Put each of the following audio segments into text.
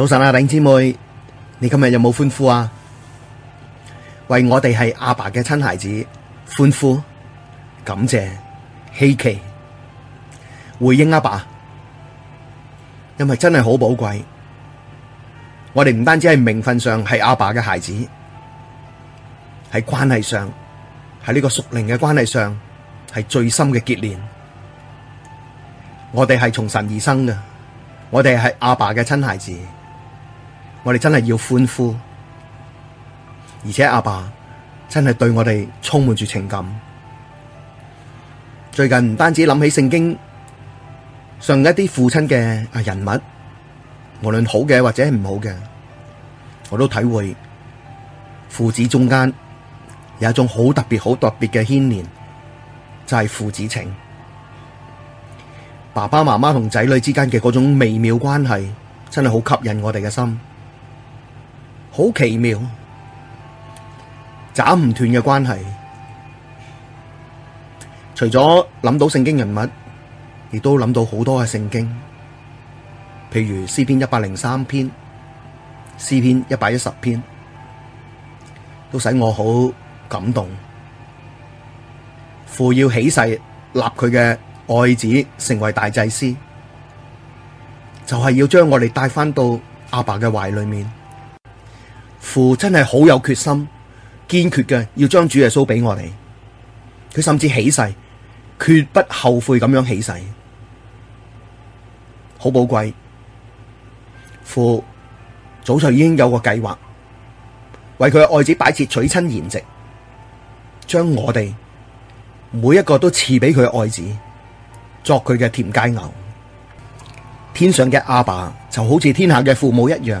早晨啊，頂姊妹，你今日有冇歡呼啊？為我哋係阿爸嘅親孩子歡呼、感謝、希奇、回應阿爸，因為真係好寶貴。我哋唔單止係名分上係阿爸嘅孩子，係關係上，喺呢個屬靈嘅關係上係最深嘅結連。我哋係從神而生嘅，我哋係阿爸嘅親孩子。我哋真係要歡呼，而且阿爸真係對我哋充滿住情感。最近唔單止諗起聖經上一啲父親嘅人物，無論好嘅或者唔好嘅，我都體會父子中間有一種好特別、好特別嘅牽連，就係父子情。爸爸媽媽同仔女之間嘅嗰種微妙關係，真係好吸引我哋嘅心。好奇妙，斬唔斷嘅關係。除咗諗到聖經人物，亦都諗到好多嘅聖經，譬如詩篇一百零三篇、詩篇一百一十篇，都使我好感動。父要起誓立佢嘅愛子成為大祭司，就係要將我哋帶返到阿爸嘅懷裏面。父真係好有決心、堅決嘅，要將主耶穌俾我哋。佢甚至起誓，絕不後悔咁樣起誓，好寶貴。父早就已經有個計劃，為佢嘅愛子擺設娶親筵席，將我哋每一個都賜俾佢嘅愛子，作佢嘅甜佳偶。天上嘅阿爸就好似天下嘅父母一樣。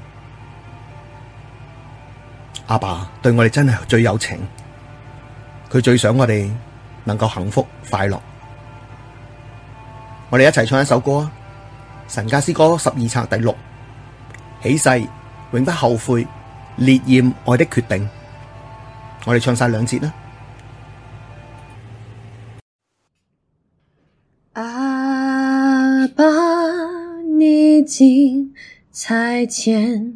阿爸，爸對我哋真係最有情，佢最想我哋能夠幸福快樂。我哋一齊唱一首歌啊！神家詩歌十二冊第六起誓、永不後悔、烈焰愛的決定。我哋唱晒兩節啦。阿爸，爸，祢竟差遣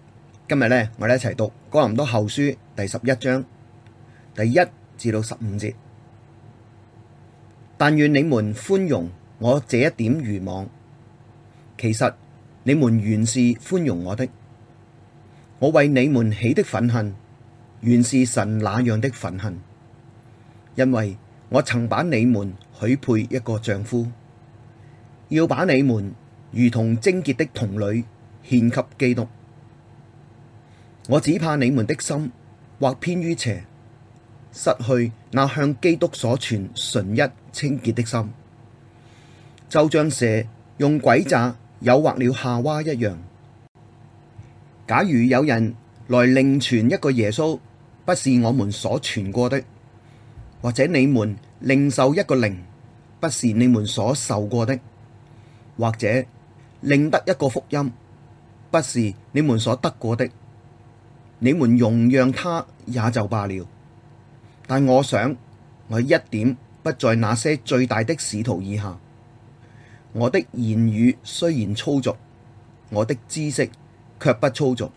今日呢，我哋一齊讀《哥林多後書》第十一章第一至到十五節。但願你們寬容我這一點愚妄，其實你們原是寬容我的。我為你們起的憤恨，原是神那樣的憤恨，因為我曾把你們許配一個丈夫，要把你們如同貞潔的童女獻給基督。我只怕你們的心或偏於邪，失去那向基督所存純一清潔的心，就像蛇用詭詐誘惑了夏娃一樣。假如有人來另傳一個耶穌，不是我們所傳過的，或者你們另受一個靈，不是你們所受過的，或者另得一個福音，不是你們所得過的。你們容讓他也就罷了，但我想我一點不在那些最大的使徒以下。我的言語雖然粗俗，我的知識却不粗俗，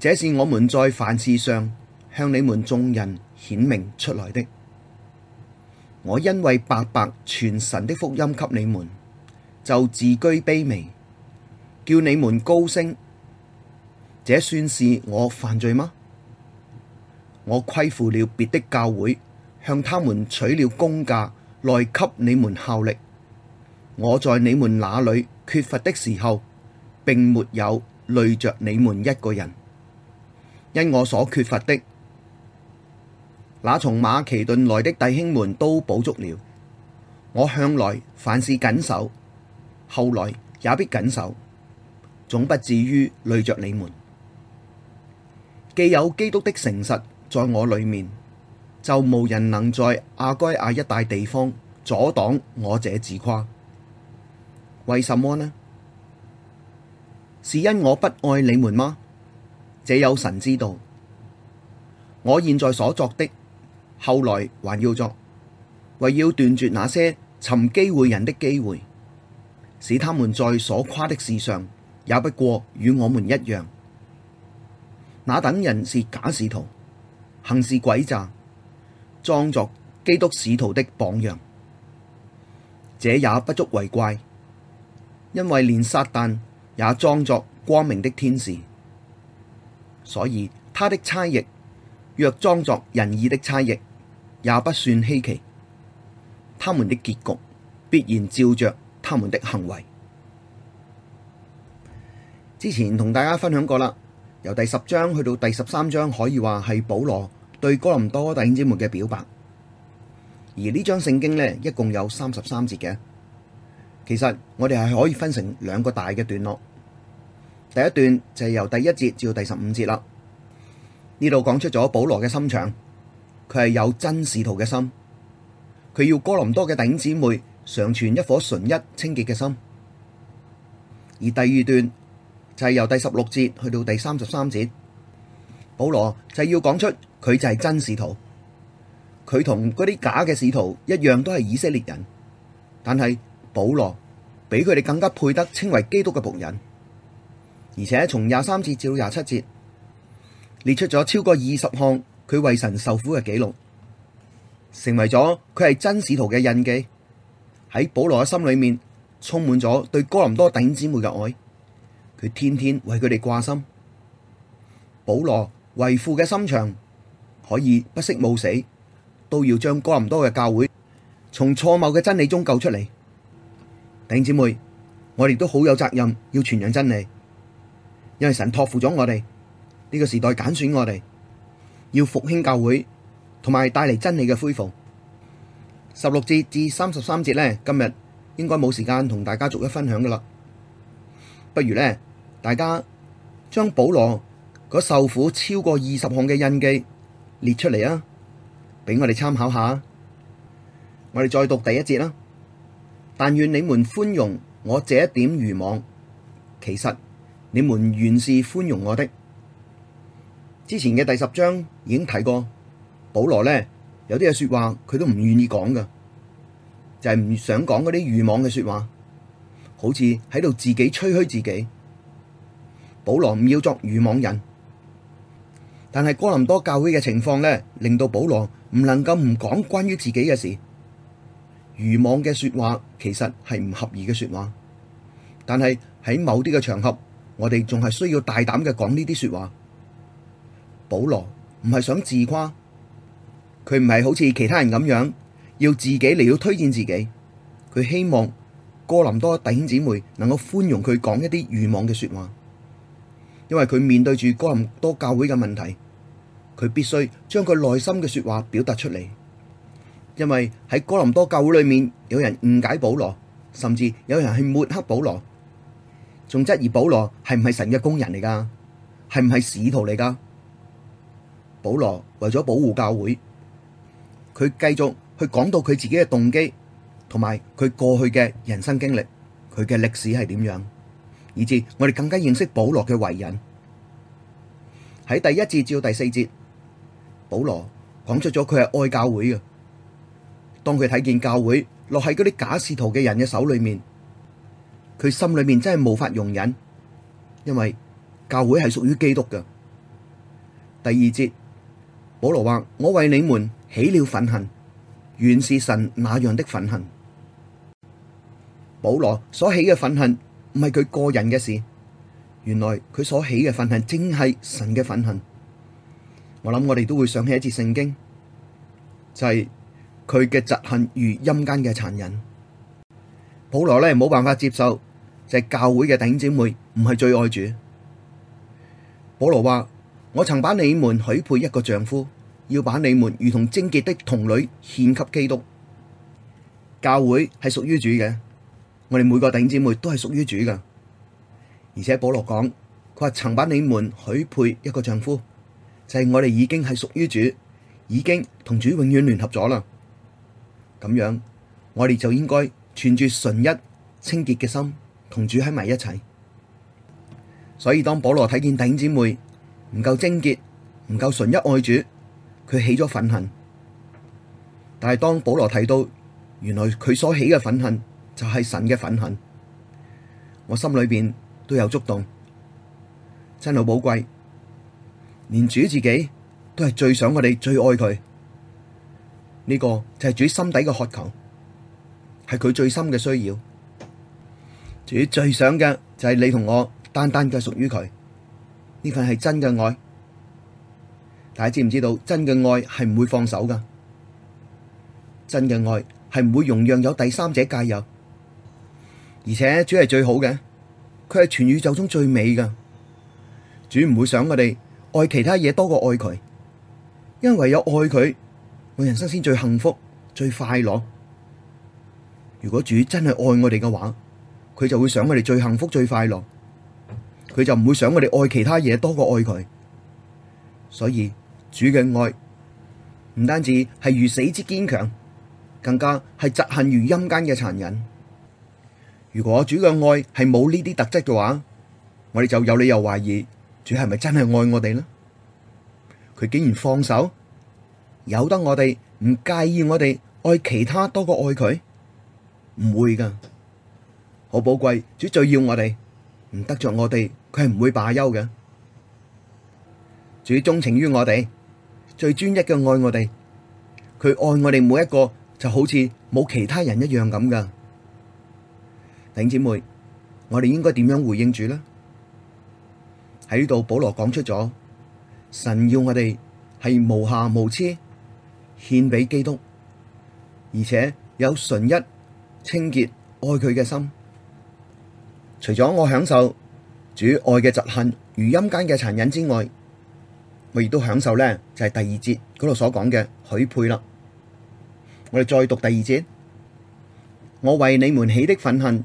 這是我們在凡事上向你們眾人顯明出來的。我因為白白傳神的福音給你們，就自居卑微，叫你們高升。這算是我犯罪嗎？我虧負了別的教會，向他們取了工價來給你們效力。我在你們那裏缺乏的時候，並沒有累着你們一個人，因我所缺乏的，那從馬其頓來的弟兄們都補足了。我向來凡事謹守，後來也必謹守，總不至於累著你們。既有基督的誠實在我裏面，就無人能在亞該亞一帶地方阻擋我這自誇。為什麼呢？是因我不愛你們嗎？這有神知道。我現在所作的，後來還要作，為要斷絕那些尋機會人的機會，使他們在所誇的事上也不過與我們一樣。那等人是假使徒，行事詭詐，裝作基督使徒的模樣。這也不足為怪，因為連撒但也裝作光明的天使。所以他的差役若裝作仁義的差役，也不算稀奇，他們的結局必然照着他們的行為。之前同大家分享過啦。由第十章去到第十三章，可以話係保羅對哥林多弟兄姊妹嘅表白。而呢章聖經呢，一共有三十三節嘅，其實我哋係可以分成兩個大嘅段落。第一段就係由第一節至到第十五節啦，呢度講出咗保羅嘅心腸，佢係有真使徒嘅心，佢要哥林多嘅弟兄姊妹常存一顆純一清潔嘅心。而第二段，就係由第十六節去到第三十三節，保羅就係要講出佢就係真使徒，佢同嗰啲假嘅使徒一樣都係以色列人，但係保羅比佢哋更加配得稱為基督嘅僕人，而且從廿三節至到廿七節列出咗超過二十項佢為神受苦嘅記錄，成為咗佢係真使徒嘅印記，喺保羅嘅心裏面充滿咗對哥林多弟兄姊妹嘅愛。佢天天為佢哋掛心。保羅為父嘅心腸可以不惜冒死，都要將哥林多嘅教會從錯謬嘅真理中救出嚟。弟兄姊妹，我哋都好有責任要傳揚真理，因為神託付咗我哋呢個時代揀選我哋，要復興教會同埋帶嚟真理嘅恢復。十六節至三十三節呢，今日應該冇時間同大家逐一分享噶啦，不如呢。大家將保羅嗰受苦超過二十項嘅印記列出嚟啊，俾我哋參考下。我哋再讀第一節啦。但願你們寬容我這一點愚妄。其實你們原是寬容我的。之前嘅第十章已經提過，保羅呢有啲嘢說話佢都唔願意講噶，就係、是、唔想講嗰啲愚妄嘅說話，好似喺度自己吹嘘自己。保羅唔要作愚妄人，但係哥林多教會嘅情況呢，令到保羅唔能夠唔講關於自己嘅事。愚妄嘅說話其實係唔合意嘅說話，但係喺某啲嘅場合，我哋仲係需要大膽嘅講呢啲說話。保羅唔係想自誇，佢唔係好似其他人咁樣要自己嚟到推薦自己，佢希望哥林多弟兄姊妹能夠寬容佢講一啲愚妄嘅說話。因為佢面對住哥林多教會嘅問題，佢必須將佢內心嘅說話表達出嚟。因為喺哥林多教會裏面，有人誤解保羅，甚至有人係抹黑保羅，仲質疑保羅係唔係神嘅工人嚟噶，係唔係使徒嚟噶？保羅為咗保護教會，佢繼續去講到佢自己嘅動機，同埋佢過去嘅人生經歷，佢嘅歷史係點樣？以致我哋更加認識保羅嘅為人。喺第一節至到第四節，保羅講出咗佢係愛教會嘅。當佢睇見教會落喺嗰啲假使徒嘅人嘅手裏面，佢心裏面真係無法容忍，因為教會係屬於基督嘅。第二節，保羅話：我為你們起了憤恨，原是神那樣的憤恨。保羅所起嘅憤恨。唔係佢個人嘅事，原來佢所起嘅憤恨，正係神嘅憤恨。我諗我哋都會想起一節聖經，就係佢嘅嫉恨如陰間嘅殘忍。保羅呢冇辦法接受，就係、是、教會嘅弟兄姐妹唔係最愛主。保羅話：我曾把你們許配一個丈夫，要把你們如同貞潔的童女獻給基督。教會係屬於主嘅。我哋每個弟兄姊妹都係屬於主噶，而且保羅講，佢話曾把你們許配一個丈夫，就係我哋已經係屬於主，已經同主永遠聯合咗啦。咁樣，我哋就應該存住純一、清潔嘅心，同主喺埋一齊。所以當保羅睇見弟兄姊妹唔夠貞潔、唔夠純一愛主，佢起咗憤恨。但係當保羅睇到，原來佢所起嘅憤恨。就係神嘅憤恨，我心裏面都有觸動，真好寶貴。連主自己都係最想我哋最愛佢，呢個就係主心底嘅渴求，係佢最深嘅需要。主最想嘅就係你同我單單嘅屬於佢，呢份係真嘅愛。大家知唔知道真嘅愛係唔會放手噶？真嘅愛係唔會容讓有第三者介入。而且主係最好嘅，佢係全宇宙中最美嘅。主唔會想我哋愛其他嘢多過愛佢，因為唯有愛佢，我人生先最幸福最快樂。如果主真係愛我哋嘅話，佢就會想我哋最幸福最快樂，佢就唔會想我哋愛其他嘢多過愛佢。所以主嘅愛唔單止係如死之堅強，更加係嫉恨如陰間嘅殘忍。如果主嘅愛係冇呢啲特質嘅話，我哋就有理由懷疑主係咪真係愛我哋呢？佢竟然放手，由得我哋唔介意我哋愛其他多過愛佢？唔會噶，好寶貴，主最要我哋，唔得着我哋，佢係唔會罷休嘅。主鍾情於我哋，最專一嘅愛我哋，佢愛我哋每一個，就好似冇其他人一樣咁噶。弟姐妹，我哋應該點樣回應主呢？喺呢度保羅講出咗，神要我哋係無瑕無疵獻俾基督，而且有純一、清潔、愛佢嘅心。除咗我享受主愛嘅嫉恨、如陰間嘅殘忍之外，我亦都享受呢，就係、是、第二節嗰度所講嘅許配啦。我哋再讀第二節，我為你們起的憤恨，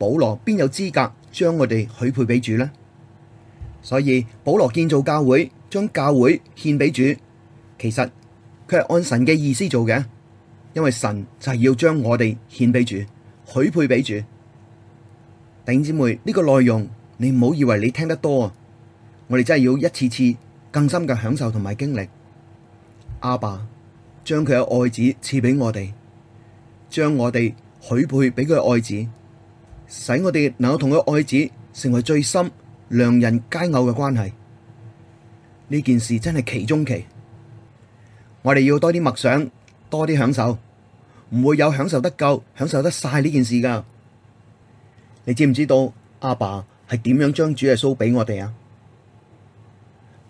保羅邊有資格將我哋許配俾主呢？所以保羅建造教會，將教會獻俾主，其實佢係按神嘅意思做嘅，因為神就係要將我哋獻俾主，許配俾主。弟兄姊妹，呢個內容你唔好以為你聽得多，我哋真係要一次次更深嘅享受同埋經歷。阿爸將佢嘅愛子賜俾我哋，將我哋許配俾佢嘅愛子。使我哋能夠同佢愛子成為最深良人佳偶嘅關係，呢件事真係奇中奇，我哋要多啲默想，多啲享受，唔會有享受得夠、享受得晒呢件事㗎。你知唔知道阿爸係點樣將主耶穌俾我哋啊？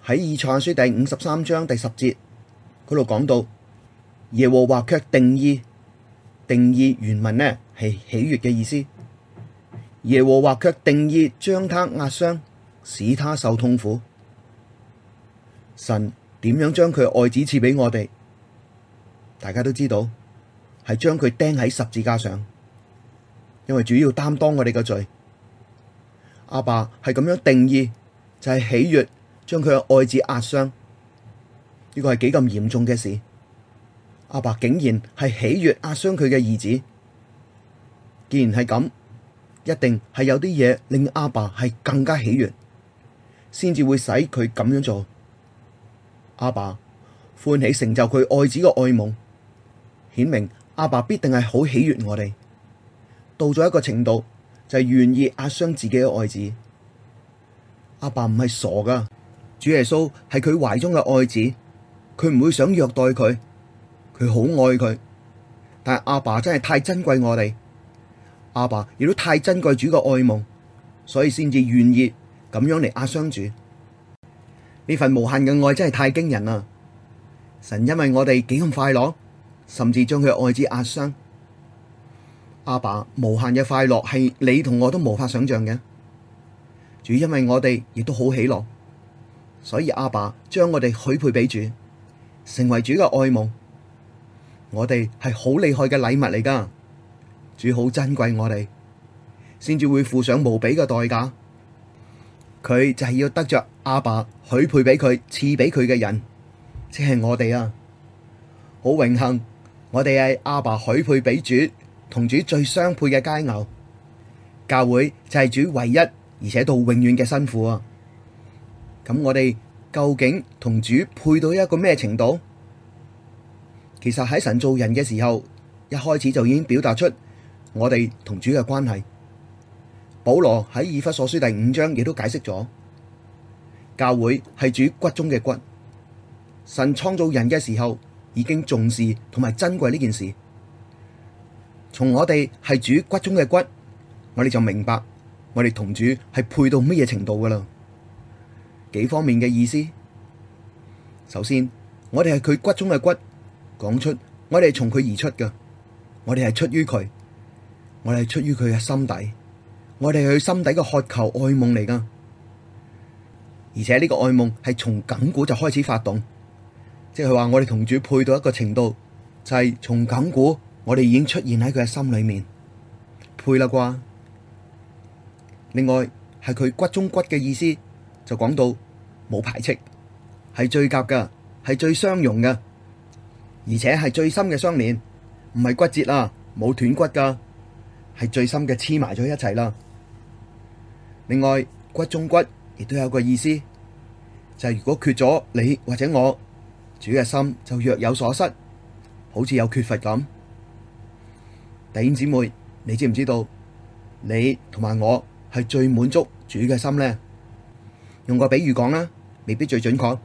喺以賽亞書第五十三章第十節嗰度講到，耶和華卻定意，定意原文呢係喜悅嘅意思。耶和華卻定意將他壓傷，使他受痛苦。神點樣將佢愛子賜俾我哋？大家都知道，係將佢釘喺十字架上，因為主要擔當我哋嘅罪。阿爸係咁樣定意，就係、是、喜悅將佢嘅愛子壓傷。呢個係幾咁嚴重嘅事？阿爸，爸竟然係喜悅壓傷佢嘅兒子，既然係咁，一定係有啲嘢令阿爸係更加喜悅，先至會使佢咁樣做。阿爸歡喜成就佢愛子嘅愛夢，顯明阿爸必定係好喜悅我哋。到咗一個程度，就係願意壓傷自己嘅愛子。阿爸唔係傻噶，主耶穌係佢懷中嘅愛子，佢唔會想虐待佢，佢好愛佢。但係阿爸真係太珍貴我哋。阿爸亦都太珍貴主嘅愛夢，所以先至願意咁樣嚟壓傷主。呢份無限嘅愛真係太驚人啊！神因為我哋幾咁快樂，甚至將佢嘅愛子壓傷。阿爸無限嘅快樂係你同我都無法想象嘅。主因為我哋亦都好喜樂，所以阿爸將我哋許配俾主，成為主嘅愛夢。我哋係好厲害嘅禮物嚟㗎。主好珍貴我哋，先至會付上無比嘅代價。佢就係要得着阿爸許配俾佢賜俾佢嘅人，即係我哋啊！好榮幸，我哋係阿爸許配俾主同主最相配嘅佳偶。教會就係主唯一而且到永遠嘅新婦啊！咁我哋究竟同主配到一個咩程度？其實喺神做人嘅時候，一開始就已經表達出。我哋同主嘅關係，保羅喺以弗所書第五章亦都解釋咗，教會係主骨中嘅骨。神創造人嘅時候已經重視同埋珍貴呢件事。從我哋係主骨中嘅骨，我哋就明白我哋同主係配到乜嘢程度㗎喇。幾方面嘅意思？首先，我哋係佢骨中嘅骨，講出我哋係從佢而出㗎，我哋係出於佢。我哋係出於佢嘅心底，我哋係佢心底嘅渴求愛夢嚟噶，而且呢個愛夢係從緊古就開始發動，即係話我哋同主配到一個程度，就係、是、從緊古我哋已經出現喺佢嘅心裏面配啦啩。另外係佢骨中骨嘅意思，就講到冇排斥，係最夾噶，係最相容噶，而且係最深嘅相連，唔係骨折啦，冇斷骨噶。係最深嘅黐埋咗一齊啦。另外骨中骨亦都有個意思，就係如果缺咗你或者我，主嘅心，就若有所失，好似有缺乏咁。弟兄姊妹，你知唔知道你同埋我係最滿足主嘅心咧？用個比喻講啦，未必最準確，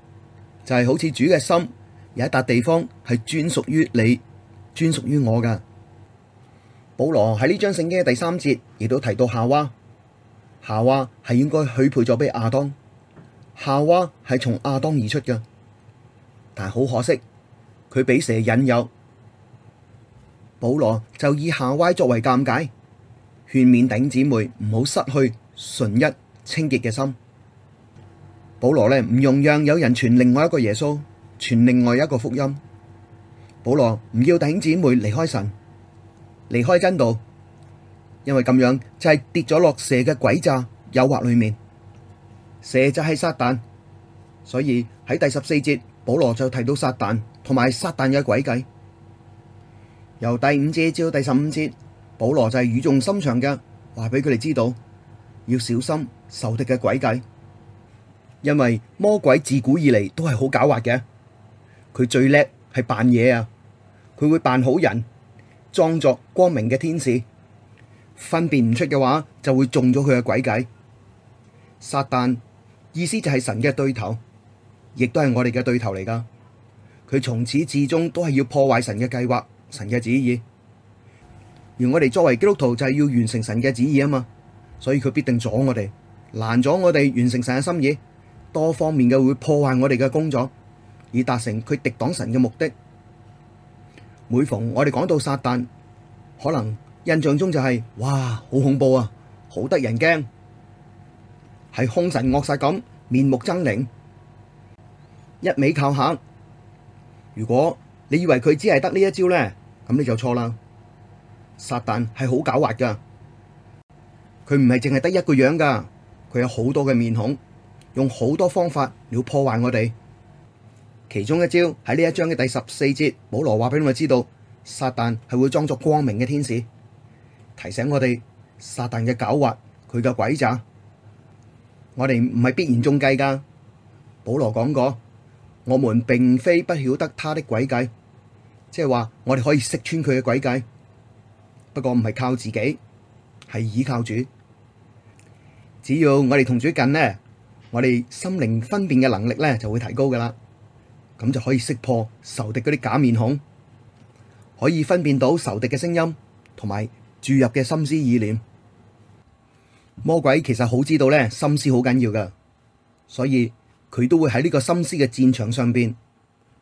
就係好似主嘅心有一笪地方係專屬於你，專屬於我噶。保羅喺呢張聖經嘅第三節，亦都提到夏娃，夏娃係應該許配咗俾亞當，夏娃係從亞當而出嘅，但係好可惜，佢俾蛇引誘。保羅就以夏娃作為尷尬，勸勉弟兄姊妹唔好失去純一清潔嘅心。保羅呢唔容讓有人傳另外一個耶穌，傳另外一個福音。保羅唔要弟兄姊妹離開神。離開真道，因為咁樣就係跌咗落蛇嘅詭詐誘惑裏面。蛇就係撒旦，所以喺第十四節保羅就提到撒旦同埋撒旦嘅詭計。由第五節至到第十五節，保羅就係語重心長嘅話俾佢哋知道，要小心仇敵嘅詭計，因為魔鬼自古以嚟都係好狡猾嘅，佢最叻係扮嘢啊，佢會扮好人。裝作光明嘅天使，分辨唔出嘅話，就會中咗佢嘅詭計。撒旦意思就係神嘅對頭，亦都係我哋嘅對頭嚟㗎。佢從始至終都係要破壞神嘅計劃、神嘅旨意。而我哋作為基督徒就係要完成神嘅旨意啊嘛，所以佢必定阻我哋，攔阻我哋完成神嘅心意，多方面嘅會破壞我哋嘅工作，以達成佢敵擋神嘅目的。每逢我哋講到撒旦，可能印象中就係、是、哇好恐怖啊，好得人驚，係凶神惡煞咁面目猙獰，一味靠嚇。如果你以為佢只係得呢一招咧，咁你就錯啦。撒旦係好狡猾噶，佢唔係淨係得一個樣噶，佢有好多嘅面孔，用好多方法嚟破壞我哋。其中一招喺呢一章嘅第十四節，保羅話俾我哋知道，撒旦係會裝作光明嘅天使，提醒我哋撒旦嘅狡猾，佢嘅詭詐。我哋唔係必然中計噶。保羅講過，我們並非不曉得他的詭計，即係話我哋可以識穿佢嘅詭計，不過唔係靠自己，係倚靠主。只要我哋同主近呢，我哋心靈分辨嘅能力咧就會提高噶啦。咁就可以識破仇敵嗰啲假面孔，可以分辨到仇敵嘅聲音同埋注入嘅心思意念。魔鬼其實好知道咧，心思好緊要噶，所以佢都會喺呢個心思嘅戰場上邊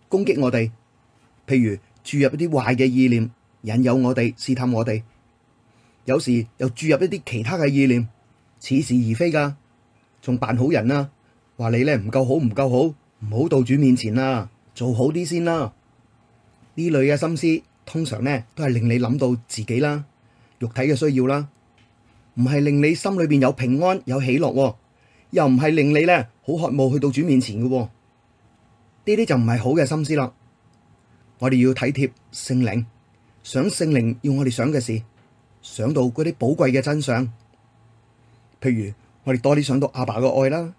攻擊我哋。譬如注入一啲壞嘅意念，引誘我哋試探我哋；有時又注入一啲其他嘅意念，似是而非噶，仲扮好人啊，話你咧唔夠好，唔夠好。唔好到主面前啦，做好啲先啦。呢類嘅心思通常咧都係令你諗到自己啦，肉體嘅需要啦，唔係令你心裏邊有平安有喜樂，哦，又唔係令你咧好渴望去到主面前嘅，哦。呢啲就唔係好嘅心思啦。我哋要體貼聖靈，想聖靈要我哋想嘅事，想到嗰啲寶貴嘅真相。譬如我哋多啲想到阿爸嘅愛啦，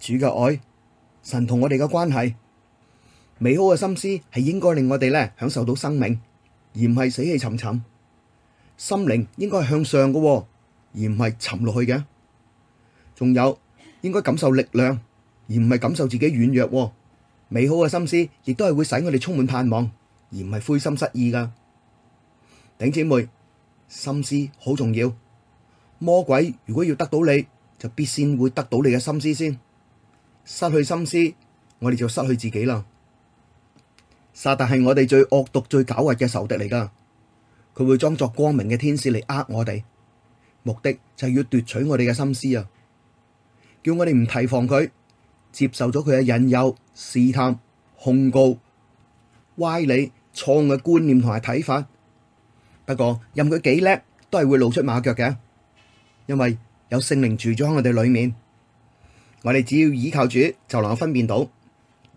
主嘅愛。神同我哋嘅關係，美好嘅心思係應該令我哋咧享受到生命，而唔係死氣沉沉。心靈應該係向上嘅，而唔係沉落去嘅。仲有應該感受力量，而唔係感受自己軟弱。美好嘅心思亦都係會使我哋充滿盼望，而唔係灰心失意噶。頂姐妹，心思好重要。魔鬼如果要得到你，就必先會得到你嘅心思先。失去心思，我哋就失去自己啦。撒但係我哋最惡毒、最狡猾嘅仇敵嚟噶，佢會裝作光明嘅天使嚟呃我哋，目的就係要奪取我哋嘅心思啊！叫我哋唔提防佢，接受咗佢嘅引誘、試探、控告、歪理、錯誤嘅觀念同埋睇法。不過任佢幾叻，都係會露出馬腳嘅，因為有聖靈住咗喺我哋裏面。我哋只要倚靠主，就能分辨到。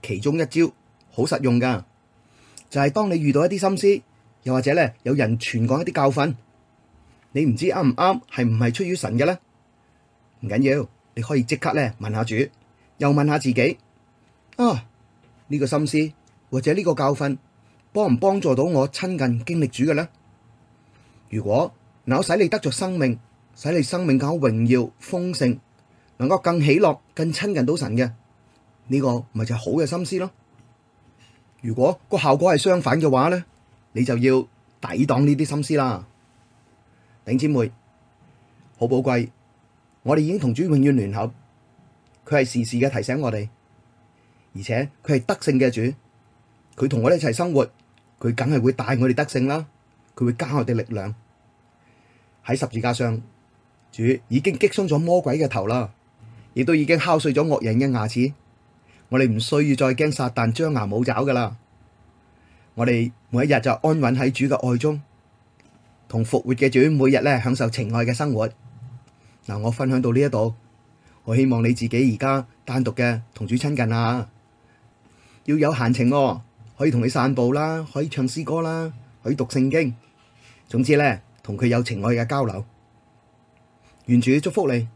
其中一招好實用噶就係當你遇到一啲心思，又或者咧，有人傳講一啲教訓，你唔知啱唔啱，係唔係出於神嘅咧？唔緊要，你可以即刻咧問下主，又問下自己，啊呢個心思或者呢個教訓，幫唔幫助到我親近經歷主嘅咧？如果能使你得着生命，使你生命更榮耀豐盛。能夠更喜樂、更親近到神嘅呢個，咪就係好嘅心思咯。如果個效果係相反嘅話咧，你就要抵擋呢啲心思啦。頂姊妹，好寶貴，我哋已經同主永遠聯合，佢係時時嘅提醒我哋，而且佢係得勝嘅主，佢同我哋一齊生活，佢梗係會帶我哋得勝啦，佢會加我哋力量。喺十字架上，主已經擊中咗魔鬼嘅頭啦。亦都已經敲碎咗惡人嘅牙齒，我哋唔需要再驚撒旦張牙舞爪噶啦。我哋每一日就安穩喺主嘅愛中，同復活嘅主每日咧享受情愛嘅生活。嗱，我分享到呢一度，我希望你自己而家單獨嘅同主親近啊，要有閒情，可以同佢散步啦，可以唱詩歌啦，可以讀聖經，總之咧同佢有情愛嘅交流。願主祝福你。